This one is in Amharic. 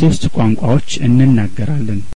ሶስት ቋንቋዎች እንናገራለን